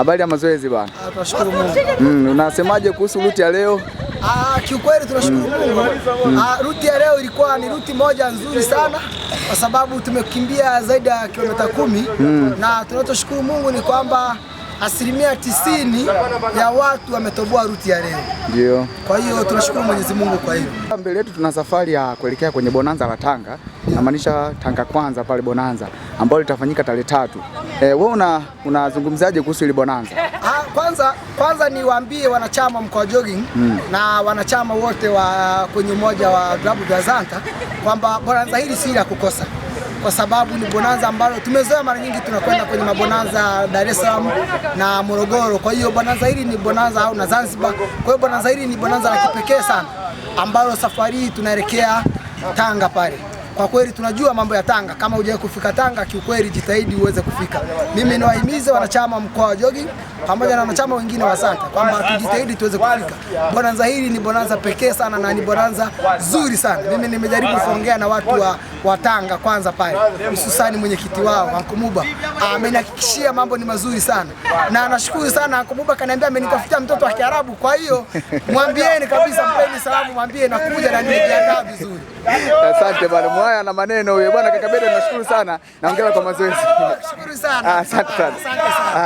Habari ya mazoezi bwana? Ah, tunashukuru Mungu. Mm, unasemaje kuhusu ruti ya leo? Ah, kiukweli tunashukuru mm. Mungu. Mm. Ah, ruti ya leo ilikuwa ni ruti moja nzuri sana kwa sababu tumekimbia zaidi ya kilomita kumi mm. na tunachoshukuru Mungu ni kwamba asilimia tisini ya watu wametoboa ruti ya leo. Ndio. Kwa hiyo tunashukuru Mwenyezi Mungu kwa hiyo. Mbele yetu tuna safari ya kuelekea kwenye bonanza la Tanga namaanisha Tanga Kwanza pale Bonanza ambalo litafanyika tarehe tatu. E, wewe unazungumzaje kuhusu ile Bonanza? Ha, ah, kwanza kwanza niwaambie wanachama mkoa jogging hmm, na wanachama wote wa kwenye umoja wa vilabu vya Zanta kwamba bonanza hili si la kukosa kwa sababu ni bonanza ambalo tumezoea mara nyingi tunakwenda kwenye mabonanza Dar es Salaam na Morogoro. Kwa hiyo bonanza hili ni bonanza au na Zanzibar. Kwa hiyo bonanza hili ni bonanza la kipekee sana ambalo safari hii tunaelekea Tanga pale. Kwa kweli tunajua mambo ya Tanga, kama hujawahi kufika Tanga, kiukweli jitahidi uweze kufika. Mimi niwahimize wanachama mkoa wa Jogi pamoja na wanachama wengine wa Santa kwamba tujitahidi tuweze kufika. Bonanza hili ni bonanza pekee sana na ni bonanza zuri sana. Mimi nimejaribu kuongea na watu wa, wa Tanga kwanza pale, hususani mwenyekiti wao Ankumuba ah, amenihakikishia mambo ni mazuri sana na nashukuru sana. Ankumuba kaniambia amenitafutia mtoto wa Kiarabu, kwa hiyo mwambieni kabisa, mpeni salamu, mwambie nakuja na nimejiandaa vizuri. Asante bwana haya na maneno huyo bwana. Kaka nashukuru sana, naongea kwa mazoezi. Asante sana.